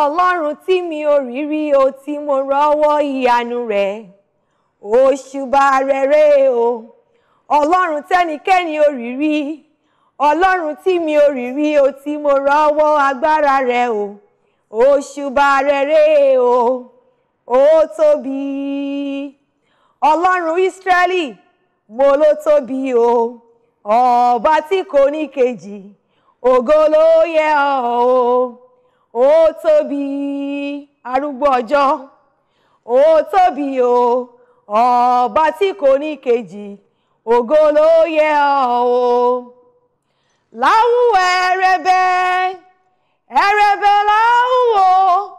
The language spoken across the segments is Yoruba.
ọlọ́run tí mi ò rí o tí mo rọ́wọ́ ìyanu rẹ̀ òṣùbà rere o ọlọ́run tẹ́nikẹ́ni ò rí rí ọlọ́run tí mi ò rí o tí mo rọ́wọ́ agbára rẹ̀ o òṣùbà rere o ó tóbi ọlọ́run Ísírẹ́lì mo ló tóbi o ọba tí kò ní kejì ògo ló yẹ ọ́ o ó tóbi arúgbó ọjọ́ ó tóbi o ọba tí kò ní kejì ògo ló yẹ ọ́ o láwùwọ̀ ẹrẹbẹ ẹrẹbẹ láwùwọ̀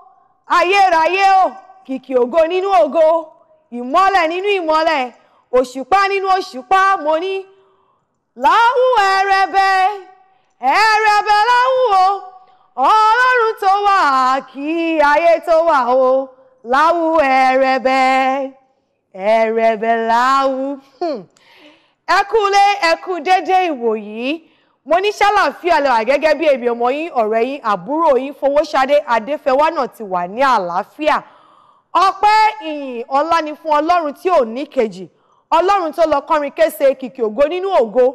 ayérayé o kìkì ògo nínú ògo ìmọ́lẹ̀ nínú ìmọ́lẹ̀ òṣùpá nínú òṣùpá mo ní láwùwọ̀ ẹrẹbẹ ẹrẹbẹ láwùwọ̀ ọlọ́run tó wà kí ayé tó wà o láwù ẹ̀rẹ̀bẹ̀ ẹ̀rẹ̀bẹ̀ láwù hmm. ẹ kúlé ẹ kú dédé ìwòyí mo ní ṣàlàáfíà lẹ́wà gẹ́gẹ́ bí èmi ọmọ yín ọ̀rẹ́ yín àbúrò yín Fowóṣadé Adéfẹ́wá náà ti wà ní àlàáfíà ọpẹ́ ìyìn ọlá ni fún ọlọ́run tí ò ní kejì ọlọ́run tó lọ kọrin kése kìkì ògo nínú ògo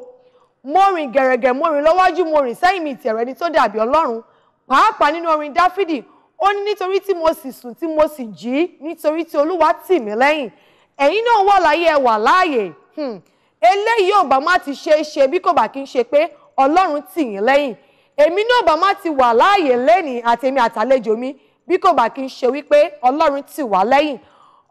mo rìn gẹ̀rẹ̀gẹ̀ mo rìn lọ́wájú mo rìn sẹ́yìn ni tó dàbí ọlọ́run pàápàá nínú orin dáfídì ó ní nítorí tí mo sì sùn tí mo sì jí nítorí tí olúwa tì mí lẹ́yìn ẹ̀yin náà wà láyé ẹ wà láàyè hmm. eléyìí ò bá má ti ṣe é ṣe bí kò bá kí n ṣe pé ọlọ́run tì yín lẹ́yìn èmi náà bá má ti wà láàyè lẹ́nìí àti èmi àtàlejò mi bí kò bá kí n ṣe wípé ọlọ́run tì wá lẹ́yìn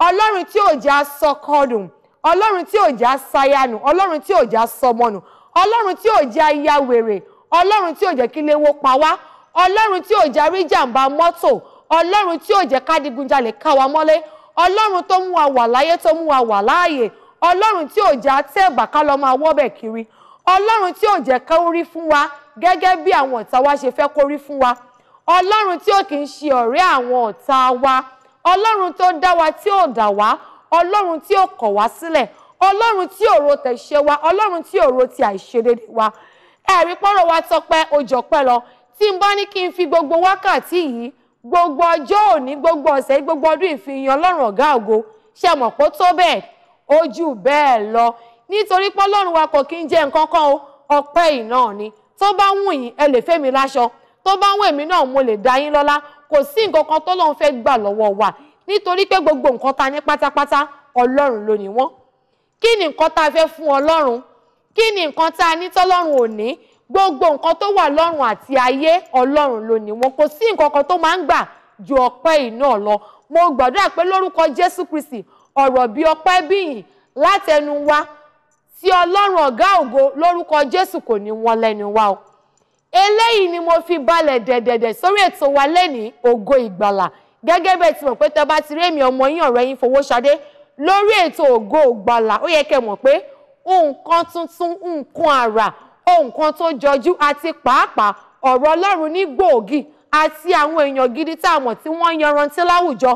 ọlọ́run tí ò já sọ kọdùn ọlọ́run tí ò já sayanu ọlọ́run tí ò já sọmọnù ọlọ́run tí ò já ya wèrè ọlọ́run tí ò jẹ́ kí léwó pa wá ọlọ́run tí ò jarí jàǹbá mọ́tò ọlọ́run tí ò jẹ́ kádìgunjalè ká wa mọ́lé ọlọ́run tó mú wa wà láyé tó mú wa wà láàyè ọlọ́run tí ò jẹ́ àtẹ̀bà ká lọ́ máa wọ́bẹ̀ kiri ọlọ́run tí ò jẹ́ ká rí fún wa gẹ́gẹ́ bí àwọn ọ̀tá wa ṣe fẹ́ kó rí fún wa ọlọ́run tí ò kì í ṣe ọ̀rẹ́ àwọn ọ̀tá wa ọlọ́run tó dá wa tí ò dà wá ọlọ́run tí ò kọ̀ wá sílẹ̀ ọlọ́run tí ò ro tẹ̀ṣe wa ọlọ́run tí ò ro ti àìṣedédé wa ẹ̀rí pọ́nrọ̀ wa tọpẹ́ ojọ́pẹ́ lọ tí n bá ní kí n fi gbogbo wákàtí yìí gbogbo ọjọ́ òní gbogbo ọ̀sẹ̀ gbogbo ọdún ìfihàn ọlọ́run ọ̀gá ògo ṣe mọ̀ pé ó tó bẹ́ẹ̀ ó jù bẹ́ẹ̀ lọ nítorí pé ọlọ́run wa kò kí ń jẹ nǹkan kan o ọpẹ́ ìná ni tó bá wù yín ẹ lè fẹ́ mi láṣọ tó bá wù èmi náà mo lè dá yín lọ́lá kò sí nǹkan kan tọ́lọ́run fẹ́ gbà lọ́wọ́ wa nítorí pé gbogbo nǹkan ta ní pátápátá ọlọ́run ló ní wọ́n kí ni nǹkan ta fẹ́ fún ọlọ́run kí ni nǹkan ta ní tọ́lọ́run ò gbogbo nǹkan tó wà lọ́run àti ayé ọlọ́run ló ní wọn kò sí nǹkan kan tó máa ń gbà ju ọpẹ́ yìí náà lọ mo gbàdúrà pé lórúkọ jésù kristi ọ̀rọ̀ bíi ọpẹ́ bíyìn látẹnu wa tí ọlọ́run ọ̀gá ògo lórúkọ jésù kò ní wọn lẹ́nu wa o eléyìí ni mo fi balẹ̀ dẹ̀dẹ̀dẹ̀ sórí ètò wa lẹ́nìí ògo ìgbàlà gẹ́gẹ́ bẹ́ẹ̀ ti mọ̀ pé tẹ́ bá ti rémi ọmọ yín ọ̀rẹ́ yín Fowóṣadé lórí ètò ògo ìgbàlà ó yẹ kẹ́ mọ̀ pé nǹkan tuntun nǹkan àrà ohun kan tó jọjú àti pàápàá ọ̀rọ̀ ọlọ́run ní gbòógì àti àwọn èèyàn gidi tá a mọ̀ tí wọ́n yanrantí láwùjọ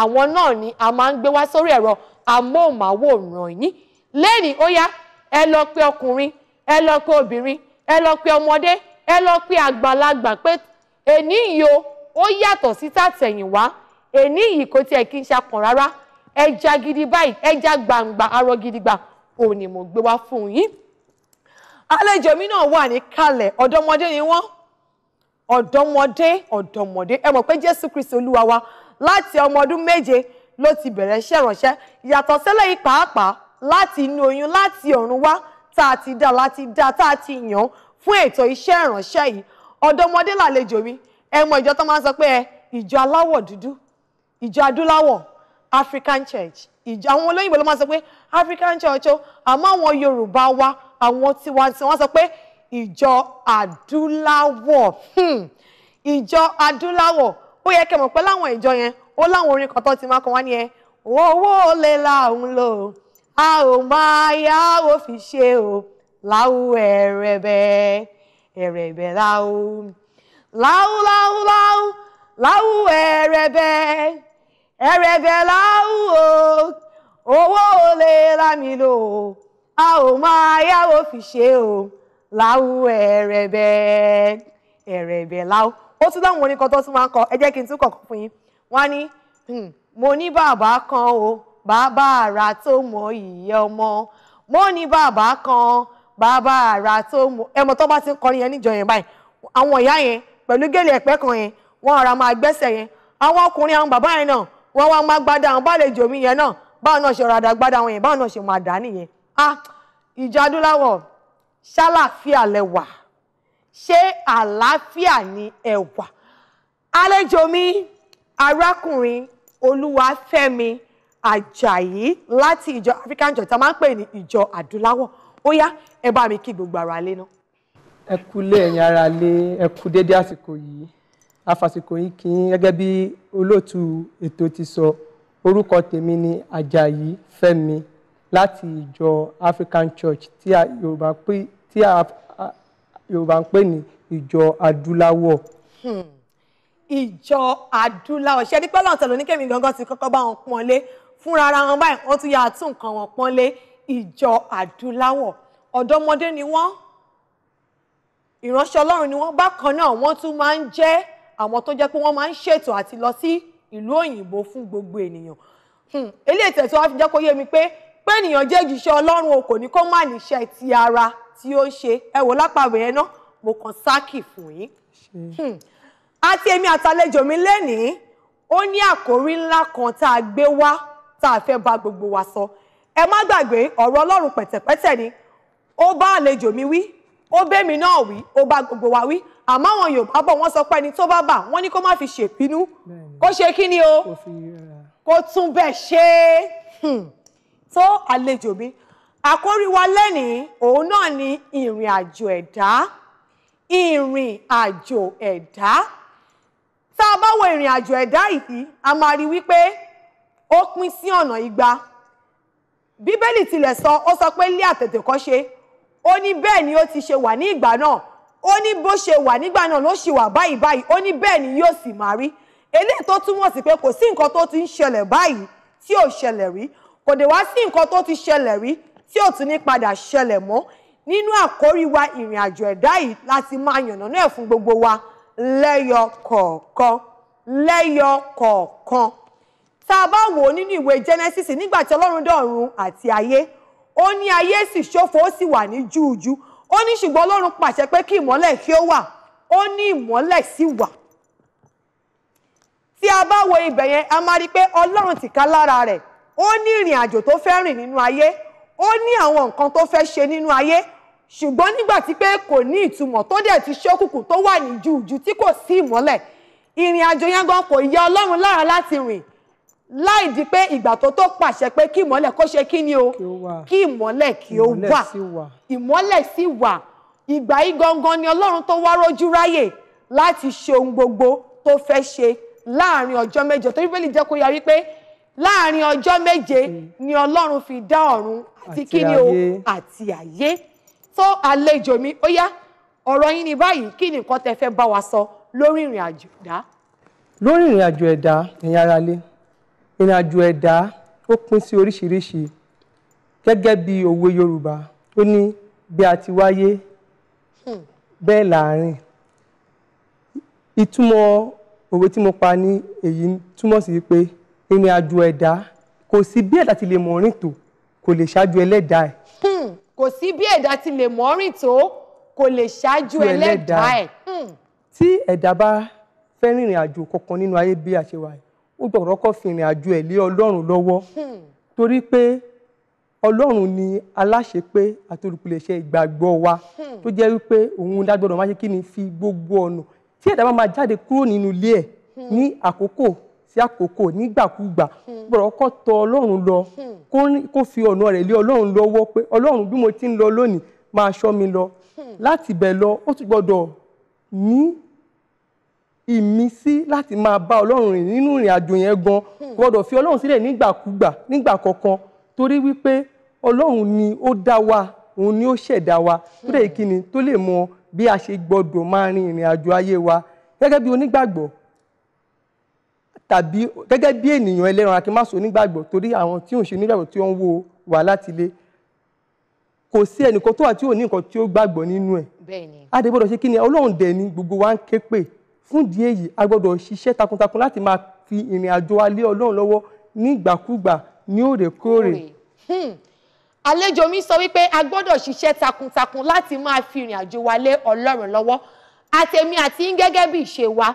àwọn náà ni a máa ń gbé wá sórí ẹ̀rọ amóhùnmáwòrán yín lẹ́nìí ó yá ẹ lọ pé ọkùnrin ẹ lọ pé obìnrin ẹ lọ pé ọmọdé ẹ lọ pé àgbàlagbà pé èní yìí ó yàtọ̀ sí tàtẹ̀yìnwá èní yìí kò tiẹ̀ kí n ṣakàn rárá ẹja gidi báyìí ẹja gbangba arọ gidi gbà mo gbé wá fún yín àlejò mi náà wà ní kalẹ̀ ọ̀dọ́mọdé ni wọ́n ọ̀dọ́mọdé ọ̀dọ́mọdé ẹ mọ̀ pé jésù kristi olúwa wa láti ọmọ ọdún méje ló ti bẹ̀rẹ̀ iṣẹ́ ìránṣẹ́ yàtọ̀ sílẹ̀ yìí pàápàá láti inú oyún láti ọ̀run wá tá a ti dá láti dá tá a ti yàn fún ètò iṣẹ́ ìránṣẹ́ yìí ọ̀dọ́mọdé làlejò mi ẹ mọ̀ ìjọ tó máa ń sọ pé ẹ ìjọ aláwọ̀ dúdú ìjọ adúláwọ̀ African Church ìjọ àwọn olóyìnbó ló máa ń sọ pé African Church o àmọ́ àwọn Yorùbá wa àwọn tiwanti wọ́n sọ pé ìjọ adúláwọ̀ hmm, ìjọ adúláwọ̀ ó yẹ kẹ́ mọ̀ pé láwọn ìjọ yẹn ó láwọn orin kan tó ti máa kọ wá nìyẹn owó lè la òun lò a ò máa yá ó fi ṣe o láwù ẹ̀rẹ̀bẹ̀ ẹ̀rẹ̀bẹ̀ láwù láwù láwù láwù láwù ẹ̀rẹ̀bẹ̀ ẹ̀rẹ̀bẹ̀ láwù o owó lè la lò o a ò máa yáwó fi ṣe o láwù ẹ̀rẹ̀bẹ̀ ẹ̀rẹ̀bẹ̀ láwù ó tún láwọn orin kan tó tún máa ń kọ ẹ jẹ́ kí n tún kọ̀ọ̀kan fún yín wọ́n á ní hmm, mo ní bàbá kan o bàbá àrà tó mọ ìyẹ́ ọmọ mo ní bàbá kan bàbá àrà tó mọ ẹmọ tó bá ti ń kọrin yẹn níjọ yẹn báyìí àwọn ìyá yẹn pẹ̀lú gèlè ẹ̀pẹ́ kan yẹn wọ́n ara máa gbẹ́sẹ̀ yẹn àwọn ọkùnrin àwọn bàbá yẹn náà wọ́n wá máa gbádà àwọn bá lè jòmí yẹn náà báwọn náà ṣe ràdà gbádà àwọn yẹn báwọn náà ṣe máa dà nìyẹn ah ìjọ adúláwọ̀ ṣàlàáfíà lẹwà ṣé àlàáfíà ni ẹwà àlejò mi arákùnrin olúwafẹ́mi ajayi láti ìjọ african church tá a máa ń pè ní ìjọ adúláwọ̀ ó yá ẹ bá mi kí gbogbo ara lé náà. ẹ kú lé ẹ̀yin ara lé ẹ kú déédé àsìkò yìí afàsìkò yìí kí n gẹ́gẹ́ bí olóòtú ètò ti sọ orúkọ tèmi ni ajayi fẹ́mi láti ìjọ African Church tí a Yorùbá pè tí a Yorùbá ń pè ní ìjọ adúláwọ̀. Hmm. ìjọ adúláwọ̀ ṣe ní pẹ́lú ọ̀tẹ̀ lóníkẹ́mi gangan ti kọ́kọ́ bá wọn pọ́n fúnra ara wọn báyìí wọ́n tún yà á tún nǹkan wọn pọ́n ìjọ adúláwọ̀ ọ̀dọ́mọdé ni wọ́n ìránṣẹ́ ọlọ́run ni wọ́n bákan náà wọ́n tún máa ń jẹ́ àwọn tó jẹ́ pé wọ́n máa ń ṣètò àti lọ sí ìlú òyìnbó fún gbogbo ènìyàn hmm. eléyìí tẹ̀síwájú jẹ́ kó yé mi pé pé ènìyàn jẹ́ ìjíṣẹ́ ọlọ́run o kò ní kó má níṣẹ́ ti ara tí ó ṣe ẹ wò lápàbẹ̀ yẹn náà mo kàn sáàkì fún yín. Hmm. àti èmi àtàlejò mi lénìí ó ní àkórí ńlá kan tá a gbé wá tá a fẹ́ bá gbogbo wa sọ ẹ má gbàgbé ọ̀rọ̀ ọlọ́run pẹ̀tẹ̀pẹ̀tẹ̀ ni ó bá àlejò mi wí ó bẹ́mi náà wí ó bá gbogbo wa wí àmọ́ àwọn yorùbá bọ̀ wọ́n sọ pé ẹni tó bá bà wọ́n ní kó má fi ṣèpinnu kó ṣe kí ni o kó tún bẹ́ẹ̀ ṣe é. Hmm tó àlejò mi àkórí wa lẹ́nìí òun náà ni ìrìn àjò ẹ̀dá ìrìn àjò ẹ̀dá tá a bá wo ìrìn àjò ẹ̀dá yìí a máa rí wípé ó pín sí ọ̀nà igba bíbélì tilẹ̀ sọ ó sọ pé lé àtètèkọ́ṣe ó ní bẹ́ẹ̀ ni ó ti ṣe wà ní ìgbà náà ó ní bó ṣe wà nígbà náà ló ṣì wà báyìí báyìí ó ní bẹ́ẹ̀ ni yóò sì máa rí eléyìí tó túmọ̀ sí pé kò sí nǹkan tó ti ń ṣẹlẹ̀ báyìí tí ò ṣẹlẹ̀ rí kò dé wá sí nǹkan tó ti ṣẹlẹ̀ rí tí ò tún ní padà ṣẹlẹ̀ mọ́ nínú àkórí wa ìrìn àjò ẹ̀dá yìí láti máa yànnàná ẹ̀ fún gbogbo wa lẹ́yọ kọ̀ọ̀kan lẹ́yọ kọ̀ọ̀kan tá a bá wò ó nínú ìwé Genesis nígbà tí Ọlọ́run dọ̀run àti ayé ó ní ayé sì ṣófo ó sì wà ní júùjú ó ní ṣùgbọ́n Ọlọ́run pàṣẹ pé kí ìmọ́lẹ̀ kí ó wà ó ní ìmọ́lẹ̀ sì wà tí a bá wo ibẹ̀ yẹn a máa rí i pé Ọlọ́run tìkálára rẹ̀ ó ní ìrìn àjò tó fẹ́ rìn nínú ayé ó ní àwọn nǹkan tó fẹ́ ṣe nínú ayé ṣùgbọ́n nígbà tí pé kò ní ìtumọ̀ tó dẹ̀ ti ṣókùnkùn tó wà ní jùjú tí kò sí ìmọ́lẹ̀ ìrìn àjò yẹn gan kò yẹ ọlọ́run lára láti rìn láì di pé ìgbà tó tó pàṣẹ pé kí ìmọ́lẹ̀ kó ṣe kí ni o kí ìmọ́lẹ̀ kí ó wà ìmọ́lẹ̀ sì wà ìgbà yìí gangan ni ọlọ́run tó wá rójú ráyè láti ṣe ohun gbogbo tó fẹ́ ṣe láàrin ọjọ́ mẹ́jọ torí bẹ́ẹ̀ lè jẹ́ kó yá wípé láàrin ọjọ́ méje mm. ni ọlọ́run fi dá ọ̀run àti kíni o àti ayé tó àlejò mi ó yá ọ̀rọ̀ yín ní báyìí kí ni nǹkan tẹ fẹ́ bá wa sọ lórí ìrìn àjò ẹ̀dá. lórí ìrìn àjò ẹ̀dá ẹ̀yin aráalé ìrìn àjò ẹ̀dá ó pín sí oríṣiríṣi gẹ́gẹ́ bí òwe yorùbá ó ní bí a ti wáyé hmm. bẹ́ẹ̀ láàrin ìtumọ̀ òwe tí mo pa ní èyí túmọ̀ sí pé ìrìn àjò ẹ̀dá kò sí bí ẹ̀dá ti lè mọ̀ rìn tó kò lè ṣáájú ẹlẹ́dàá ẹ̀. Hmm, kò sí bí ẹ̀dá ti lè mọ̀ rìn tó kò lè ṣáájú ẹlẹ́dàá ẹ̀. Hmm. tí ẹ̀dá bá fẹ́ rìnrìn àjò kankan nínú ayé bí a ṣe wà yìí ó gbọ́dọ̀ kọ́ fi ìrìn àjò ẹ̀ lé ọlọ́run lọ́wọ́ hmm. torí pé ọlọ́run ni aláṣẹ pé àti ìgbàgbọ́ wa tó jẹ́ wípé òun lágbọ́dọ̀ máa kí ni fi gbogbo ọ̀nà tí ẹ̀dá bá máa jáde kúrò nínú ilé ẹ̀ ní àkókò sí àkókò nígbàkúgbà gbọ́dọ̀ hmm. kọ́ tọ ọlọ́run lọ hmm. kó fi ọ̀nà rẹ̀ lé ọlọ́run lọ́wọ́ pé ọlọ́run bí mo ti ń lọ lónìí máa ṣọ́ mi lọ hmm. láti bẹ̀ lọ ó tún gbọ́dọ̀ ní ìmísí láti máa bá ọlọ́run rìn nínú ìrìn àjò yẹn gan gbọ́dọ̀ fi ọlọ́run sílẹ̀ nígbàkúgbà nígbà kọ̀ọ̀kan torí wípé ọlọ́run ni ó dá wa òun ni ó ṣẹ̀dá wa tó dẹ̀ kí ni tó lè mọ bí a ṣe gbọ́dọ̀ máa rin ìrìn àjò ayé wa gẹ́gẹ́ bí onígbàgbọ́ tàbí gẹ́gẹ́ bí ènìyàn ẹlẹ́ran a kì í má sọ onígbàgbọ́ torí àwọn tí ò ń ṣe onígbàgbọ́ tí wọ́n ń wo wà láti ilé kò sí ẹnìkan tó wà tí ò ní nǹkan tí ó gbàgbọ́ nínú ẹ̀ a gbọ́dọ̀ ṣe kí ni ọlọ́run dẹ̀ ni gbogbo wa ń ké pè fún ìdí èyí a gbọ́dọ̀ ṣiṣẹ́ takuntakun láti máa fi ìrìn àjò wa ọlọ́run lọ́wọ́ ní ní òrèkóòrè. Hmm. àlejò mi sọ wípé a gbọ́dọ̀ ṣiṣẹ́ takuntakun láti máa fi ìrìn àjò wa lé ọlọ́run lọ́wọ́ àtẹ̀mí àti gẹ́gẹ́ bí ìṣe wa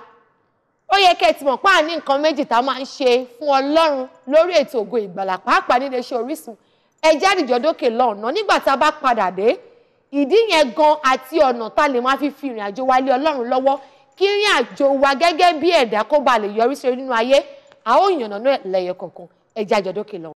ó yẹ kẹ́ ẹ ti mọ̀ pé a ní nǹkan méjì tá a máa ń ṣe fún ọlọ́run lórí ètò ògo ìgbàlà pàápàá nílé iṣẹ́ Orísun ẹjẹ́ àdìjọ́ dókè lọ́ọ̀nà nígbà tá a bá padà dé ìdí yẹn gan àti ọ̀nà tá a lè máa fi fi ìrìn àjò wa lé ọlọ́run lọ́wọ́ kí ìrìn àjò wa gẹ́gẹ́ bí ẹ̀dá kó ba lè yọrí sí nínú ayé a ó náà lẹ́yọ kọ̀ọ̀kan ẹjẹ́ àdìjọ́ dókè lọ́ọ̀nà.